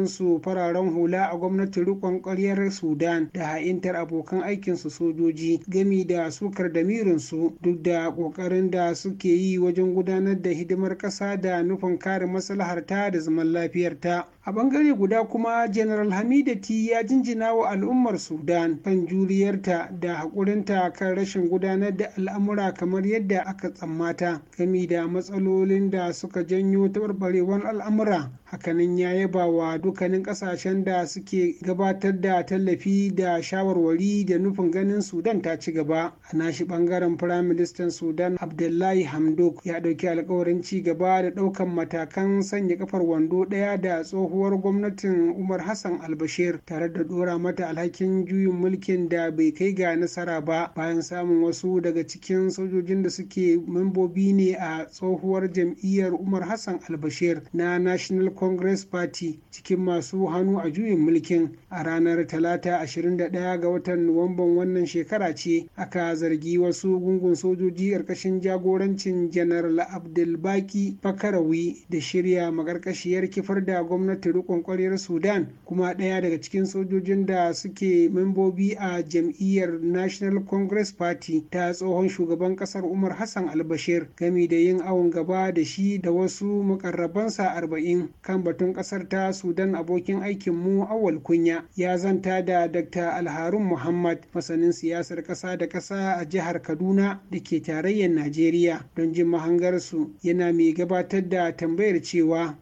su fararen hula a gwamnatin rikon ƙwaryar sudan da ha'intar abokan aikinsu sojoji gami da sukar damirinsu duk da ƙoƙarin da suke yi wajen gudanar da hidimar ƙasa da nufin kare maslahar ta da zaman lafiyarta a bangare guda kuma general hamidati ya jinjina wa al'ummar sudan kan juriyarta da haƙurinta kan rashin gudanar da al'amura kamar yadda aka tsammata gami da matsalolin da suka janyo taɓarɓarewar al'amura hakanan ya yaba wa dukkanin kasashen da suke gabatar da tallafi da shawarwari da nufin ganin sudan ta ci gaba a nashi bangaren firaministan sudan abdullahi hamdok ya dauki alkawarin ci gaba da daukan matakan sanya kafar wando daya da tsohuwar gwamnatin umar hassan albashir tare da dora mata alhakin juyin mulkin da bai kai ga nasara ba bayan samun wasu daga cikin sojojin da suke membobi ne a tsohuwar jam'iyyar umar hassan albashir na national congress party cikin masu hannu a juyin mulkin a ranar talata 21 ga watan nuwamban wannan shekara ce aka zargi wasu gungun sojoji ƙarƙashin jagorancin General abdulbaki fakarawi da shirya maƙarƙashiyar kifar da gwamnati rukun kwarar sudan kuma ɗaya daga cikin sojojin da suke membobi a jam'iyyar national congress party ta tsohon shugaban ƙasar umar hassan albashir gami da yin awon gaba da shi da wasu makarrabansa arba'in kan batun kasar ta sudan abokin aikin mu awal kunya ya zanta da dr alharun muhammad masanin siyasar kasa da kasa a jihar kaduna da ke tarayyar najeriya don jin mahangarsu yana mai gabatar da tambayar cewa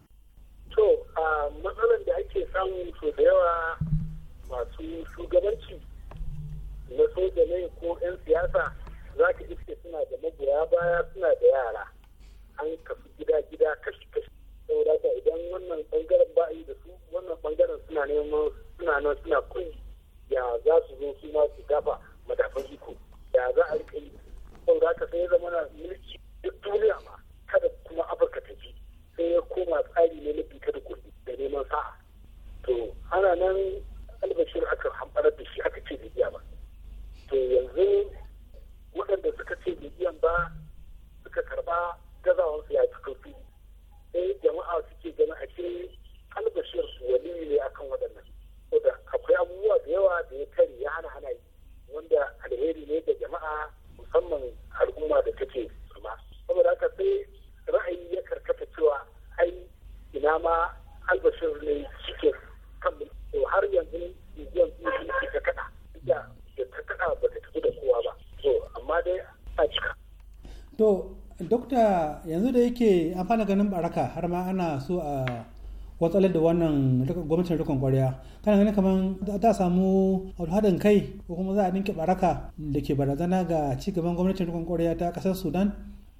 to a matsalar da ake samu so da yawa masu shugabanci na soja ne ko 'yan siyasa za ka iske suna da magoya baya suna da yara an kafi gida-gida kashi saboda ka idan wannan bangaren ba yi da su wannan bangaren suna neman suna nan suna kun ya za su zo su ma su gafa madafan iko ya za a rika yi saboda ka sai zama na mulki duk duniya ma kada kuma afirka ta ji sai ya koma tsari ne na bita da kuɗi da neman sa'a to ana nan albashir aka hamɓarar da shi aka ce bibiya ba to yanzu waɗanda suka ce da ba suka karɓa gazawansu ya fi ne jama'a suke ganin a cikin albashir su wani ne akan waɗannan da akwai abubuwa da yawa da ya kari ya hana hana wanda alheri ne da jama'a musamman al'umma da take zama saboda haka sai ra'ayi ya karkata cewa ai ina ma albashir ne suke kan to har yanzu miliyan biyu ta kaɗa da ta kaɗa ba ta tafi da kowa ba to amma dai a cika. to dokta yanzu da yake an fara ganin baraka har ma ana so a watsalar da wannan gwamnatin rikon kwarya kana ganin kamar ta samu haɗin kai ko kuma za a ninke baraka da ke barazana ga cigaban gwamnatin rikon kwarya ta ƙasar sudan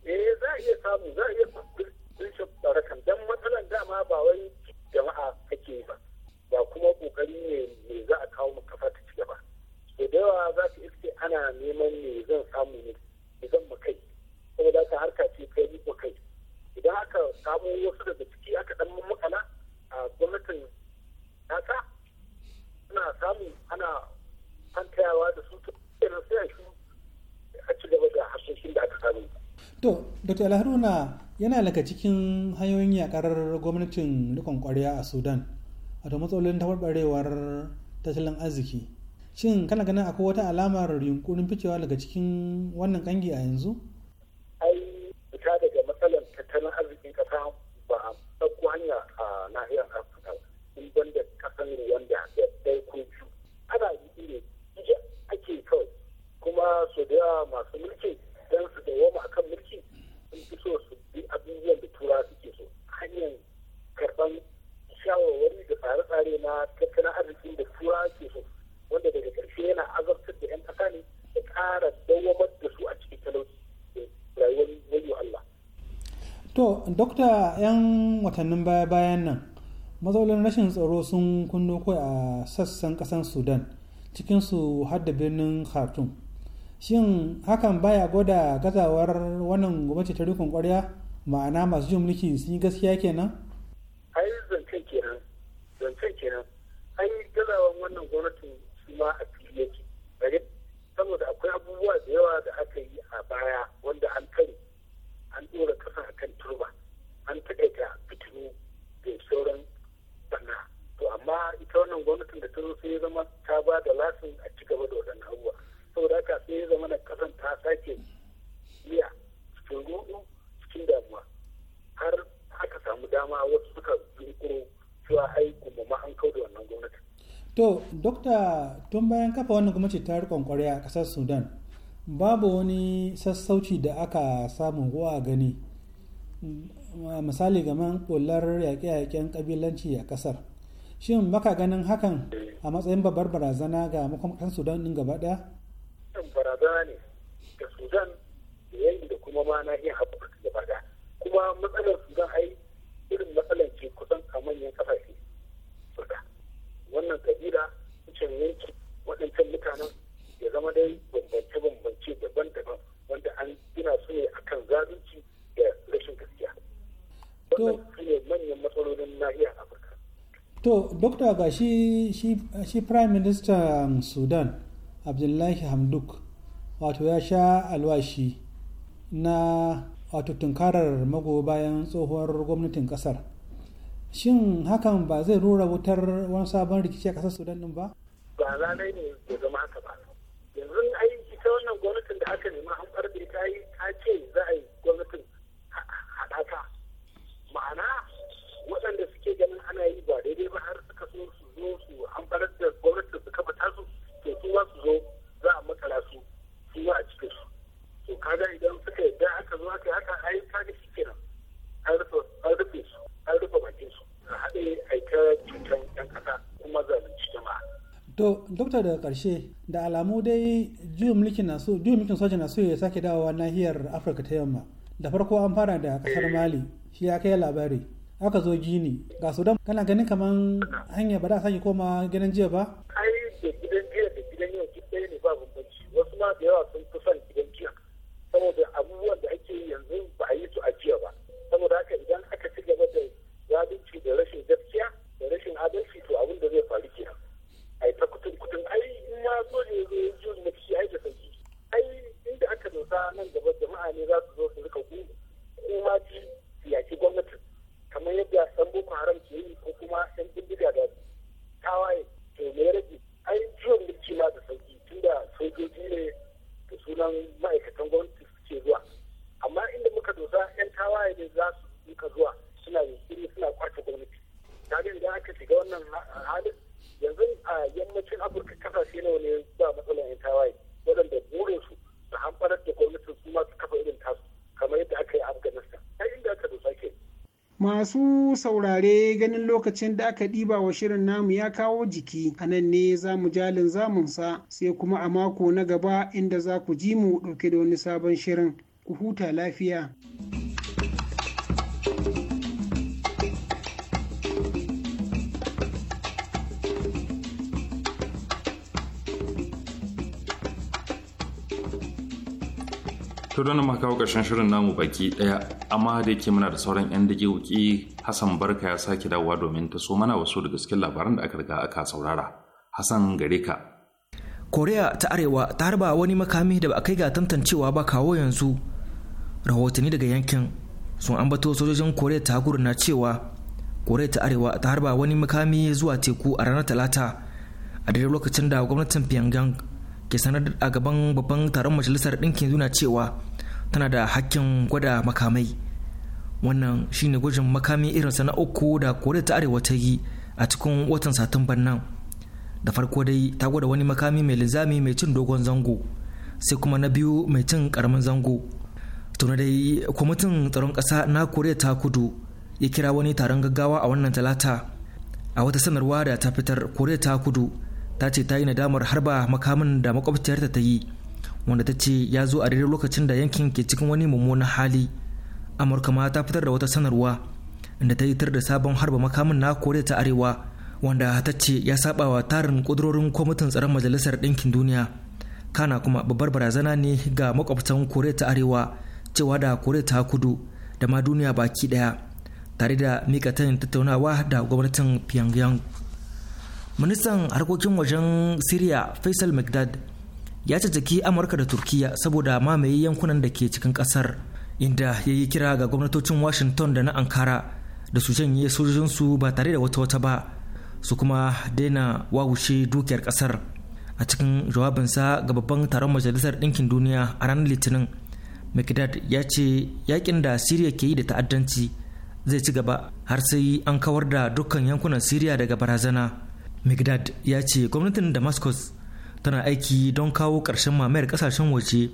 eh za a iya samu za a iya samu barakan dan matsalar dama ba wai jama'a kake ba ba kuma kokari ne me za a kawo makafa ta ci gaba da yawa za ta iske ana neman ne zan samu ne zan mu kai za ta harka ce kai ko kai idan aka samu wasu daga ciki aka dan makala a gwamnatin nasa ana samu ana tantayawa da su kenan sai a shi a ci gaba da harkokin da aka samu to dr alharuna yana daga cikin hanyoyin yakar gwamnatin rikon kwarya a sudan wato matsalolin tabarbarewar tattalin arziki shin kana ganin akwai wata alamar yunkurin ficewa daga cikin wannan kangi a yanzu ana yi ne ije ake kawai kuma su da yawa masu mulki don su da a kan mulki sun fi so su bi abubuwan da tura suke so hanyar karban shawarwari da tsare-tsare na tattalin arzikin da tura ke so wanda daga ƙarshe yana azabtar da 'yan ƙasa ne da ƙara dawamar da su a cikin talauci da rayuwar wayo Allah. To, Dokta 'yan watannin baya-bayan nan, matsalolin rashin tsaro sun kunno kai a sassan ƙasar sudan cikinsu har da birnin khartum shin hakan baya gwada gazawar wannan gwamnati ta rikon kwarya ma'ana masu jin mulki sun yi gaskiya kenan kafa wannan gwamnati ta rikon kwarya a ƙasar sudan babu wani sassauci da aka samu ko a gani misali gaman ƙullar yaƙe-yaƙen ƙabilanci a ƙasar shin baka ganin hakan a matsayin babbar barazana ga makamakon sudan ɗin gaba ɗaya? barazana ne ga sudan da yanki da kuma ma na iya haɓaka da ɗaya kuma matsalar sudan ai irin matsalar ke kusan a manyan ƙasashe wannan kabila wancan yanki waɗancan mutanen ya zama dai bambance-bambance daban-daban wanda an gina su ne akan zalunci da rashin gaskiya wannan su ne manyan matsalolin nahiyar afirka to dokta ga shi shi prime minister um, sudan abdullahi hamduk wato ya sha alwashi na wato tunkarar mago bayan tsohuwar gwamnatin kasar shin hakan ba zai rura wutar wani sabon rikici a kasar sudan din ba ba lalai ne ya zama haka ba yanzu ai ita wannan gwamnatin da aka nema an farbe ta yi ta ce za a yi gwamnatin haɗaka ma'ana waɗanda suke ganin ana yi ba daidai ba har suka so su zo su an farar da gwamnatin su kafa tasu to su ma su zo za a makala su su ma a cikin su to kaga idan suka yadda aka zo aka yi haka ai ga shi kenan an rufe su an rufe bakin su a haɗe aika cutar 'yan ƙasa kuma zalunci jama'a to dokta daga karshe da alamu dai juyin mulkin soja na so ya sake dawowa nahiyar afirka ta yamma da farko an fara da kasar mali shi ya kai labari aka zo gini ga sudan kana ganin kaman hanya ba da sake koma gidan jiya ba ai da gidan jiya da gidan yau ɗaya ne ba bambanci wasu ma da yawa sun fi son gidan jiya saboda abubuwan da ake yi yanzu ba a yi su a jiya ba saboda haka idan aka ci gaba da zalunci da rashin gaskiya da rashin adalci to abin da zai faru a yi ta kutun kutun ai in ya so ne zo ya na ai da sauki ai inda aka dosa nan gaba jama'a ne za su zo su rika ku kuma ji yaki gwamnatin kamar yadda san boko haram ke yi ko kuma yan bindiga da tawaye to me rage ai jiwon mulki ma da sauki tunda sojoji ne da sunan ma'aikatan gwamnati suke zuwa amma inda muka dosa yan tawaye ne za su rika zuwa suna yunkuri suna kwace gwamnati kaga idan aka shiga wannan halin yanzu a yammacin afirka kasashe nawa ne ba matsalar yan tawaye waɗanda burinsu su hamɓarar da gwamnatin su masu kafa irin tasu kamar yadda aka yi a afghanistan ta inda aka dosa ke masu saurare ganin lokacin da aka ɗiba wa shirin namu ya kawo jiki a nan ne za mu jalin zamunsa sai kuma a mako na gaba inda za ku ji mu ɗauke da wani sabon shirin ku huta lafiya to don ma kawo ƙarshen shirin namu baki ɗaya amma da yake muna da sauran 'yan wuki hassan barka ya sake dawowa domin ta so mana wasu daga cikin labaran da aka riga aka saurara hassan gare ka koriya ta arewa ta harba wani makami da ba a kai ga tantancewa ba kawo yanzu rahotanni daga yankin sun ambato sojojin koriya ta kudu na cewa korea ta arewa ta harba wani makami zuwa teku a ranar talata a daidai lokacin da gwamnatin pyongyang ke sanar a gaban babban taron majalisar ɗinkin zuna cewa tana da hakkin gwada makamai wannan shine gwajin makami irinsa na uku da koriya ta arewa ta yi a cikin watan satumban nan da farko dai ta gwada wani makami mai linzami mai cin dogon zango sai kuma na biyu mai cin karamin zango tuna dai kwamitin tsaron kasa na koriya ta kudu ya kira wani taron gaggawa a wannan talata a wata sanarwa da ta fitar koriya ta kudu ta ce ta yi nadamar harba makamin da makwabciyarta ta yi wanda ta ce ya zo a daidai lokacin da yankin ke cikin wani mummunan hali amurka ma ta fitar da wata sanarwa inda ta yi tar da sabon harba makamin na koriya ta arewa wanda ta ce ya saba wa tarin kudurorin kwamitin tsaron majalisar ɗinkin duniya kana kuma babbar barazana ne ga makwabtan koriya ta arewa cewa da koriya ta kudu da ma duniya baki ɗaya tare da mika tattaunawa da gwamnatin pyongyang ministan harkokin wajen syria faisal mcdad ya caccaki amurka da turkiya saboda mamaye yankunan da ke cikin kasar inda ya yi kira ga gwamnatocin washington da na ankara da su janye sojojinsu ba tare da wata wata ba su kuma daina wawushe dukiyar kasar a cikin jawabinsa ga babban taron majalisar ɗinkin duniya a ranar litinin mcdad ya ce yakin da syria ke yi da ta'addanci zai ci gaba har sai an kawar da dukkan yankunan syria daga barazana migdad ya ce gwamnatin damascus tana aiki don kawo ƙarshen mamayar ƙasashen waje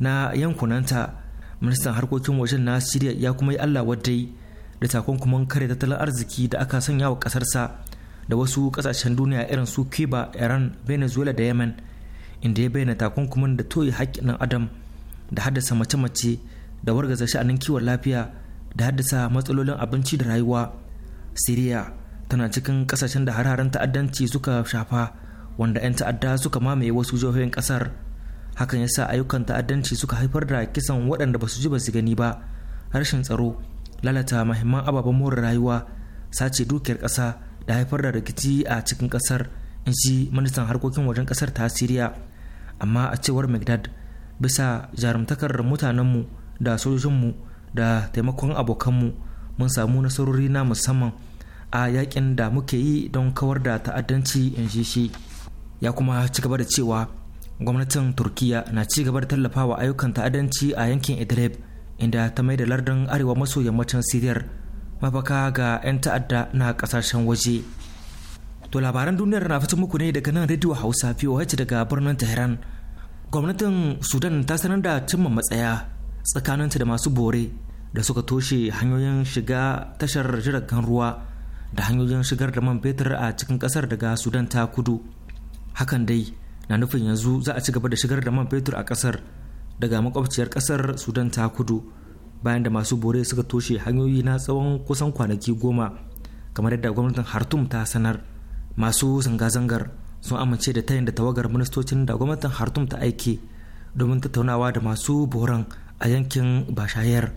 na yankunanta ministan harkokin waje na syria ya kuma yi allah wadai da takunkuman kare tattalin arziki da aka sanya wa ƙasarsa da wasu ƙasashen duniya irin su cuba iran venezuela da yemen inda ya bayyana takunkuman da toye haƙƙin ɗan adam da haddasa mace-mace da wargaza sha'anin kiwon lafiya da haddasa matsalolin abinci da rayuwa syria. tana cikin kasashen da hararen ta'addanci suka shafa wanda 'yan ta'adda suka mamaye wasu jihohin kasar hakan ya sa ayyukan ta'addanci suka haifar da kisan waɗanda ba su ji ba su gani ba rashin tsaro lalata mahimman ababen more rayuwa sace dukiyar ƙasa da haifar da rikici a cikin ƙasar in ji ministan harkokin wajen ƙasar ta siriya amma a cewar mcdad bisa jarumtakar mutanenmu da sojojinmu da taimakon abokanmu mun samu nasarori na musamman a yakin da muke yi don kawar da ta'addanci in ji shi ya kuma ci gaba da cewa gwamnatin turkiya na ci gaba da tallafawa ayyukan ta'addanci a yankin idlib inda ta mai da lardin arewa maso yammacin siriyar mafaka ga 'yan ta'adda na kasashen waje to labaran duniyar na fito muku ne daga nan rediyo hausa voh daga birnin tehran gwamnatin sudan ta sanar da cimma matsaya tsakaninta da masu bore da suka toshe hanyoyin shiga tashar jiragen ruwa da hanyoyin shigar da man fetur a cikin kasar daga sudan ta kudu hakan dai na nufin yanzu za a ci gaba da shigar da man fetur a kasar daga makwabciyar kasar sudan ta kudu bayan da masu bore suka toshe hanyoyi na tsawon kusan kwanaki goma kamar yadda gwamnatin hartum ta sanar masu zanga-zangar sun amince da tayin da tawagar ministocin da gwamnatin hartum ta aike domin tattaunawa da masu boran a yankin bashayar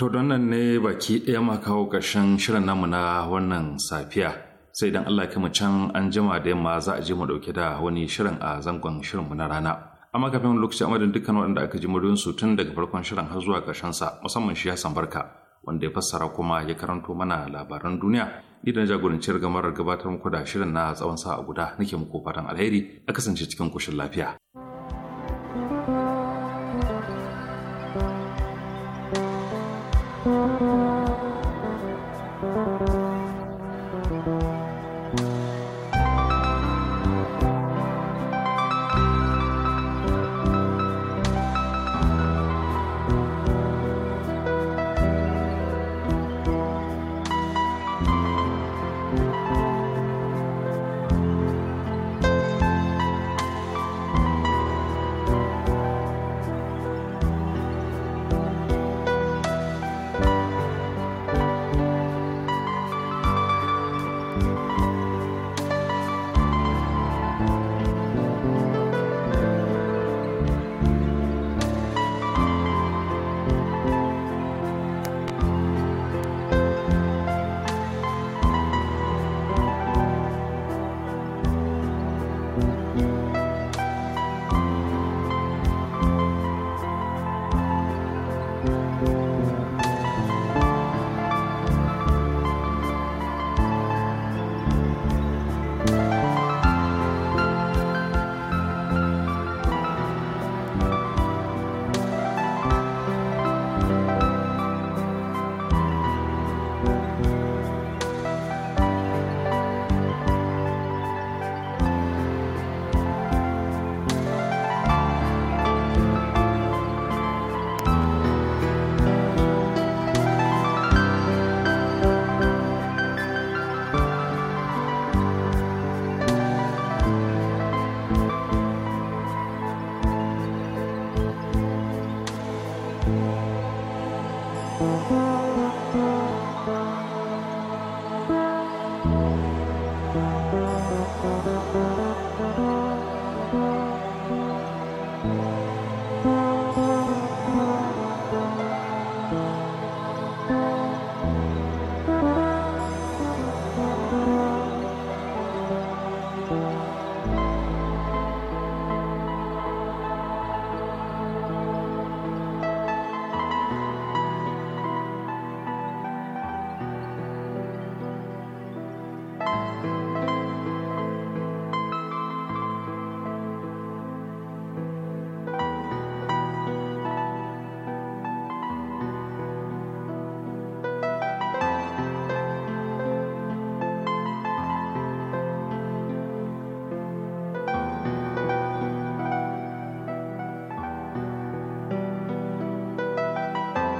To don nan ne baki ɗaya ma kawo ƙarshen shirin namu na wannan safiya. Sai don Allah mu can an jima da yamma za a je mu ɗauke da wani shirin a zangon shirinmu na rana. Amma kafin lokaci amadin dukkan waɗanda aka ji murin su tun daga farkon shirin har zuwa ƙarshen sa musamman shi Hassan Barka wanda ya fassara kuma ya karanto mana labaran duniya. Ni da na jagorancin gamar gabatar muku da shirin na tsawon sa'a guda nake muku fatan alheri a kasance cikin koshin lafiya.